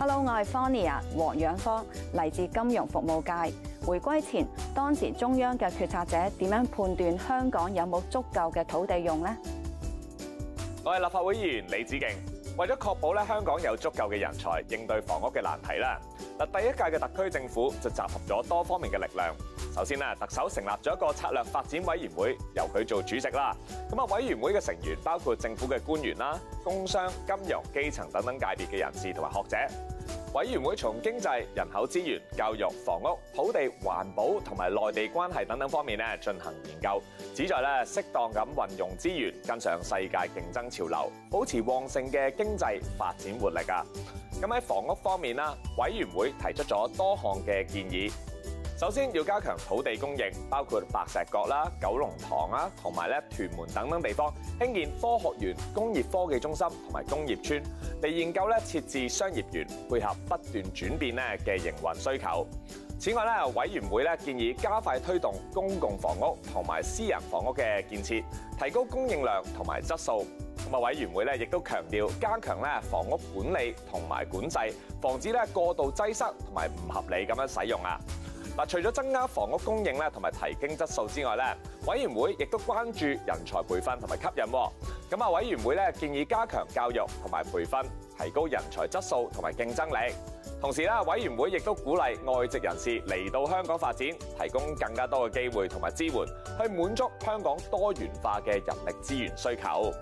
Hello，我係 Fania 黃仰芳，嚟自金融服務界。回歸前，當時中央嘅決策者點樣判斷香港有冇足夠嘅土地用呢？我係立法會議員李梓敬。為咗確保香港有足夠嘅人才應對房屋嘅難題，第一屆嘅特區政府就集合咗多方面嘅力量。首先特首成立咗一個策略發展委員會，由佢做主席。咁委員會嘅成員包括政府嘅官員、工商、金融、基層等等界別嘅人士同埋學者。委員會從經濟、人口、資源、教育、房屋、土地、環保同埋內地關係等等方面咧進行研究，旨在咧適當咁運用資源，跟上世界競爭潮流，保持旺盛嘅經濟發展活力啊！咁喺房屋方面啦，委員會提出咗多項嘅建議。首先要加強土地供應，包括白石角啦、九龍塘啊，同埋咧屯門等等地方興建科學園、工業科技中心同埋工業村，嚟研究咧設置商業園，配合不斷轉變咧嘅營運需求。此外咧，委員會咧建議加快推動公共房屋同埋私人房屋嘅建設，提高供應量同埋質素。咁啊，委員會咧亦都強調加強咧房屋管理同埋管制，防止咧過度擠塞同埋唔合理咁樣使用啊。嗱，除咗增加房屋供應咧，同埋提升質素之外咧，委員會亦都關注人才培訓同埋吸引。咁啊，委員會咧建議加強教育同埋培訓，提高人才質素同埋競爭力。同時咧，委員會亦都鼓勵外籍人士嚟到香港發展，提供更加多嘅機會同埋支援，去滿足香港多元化嘅人力資源需求。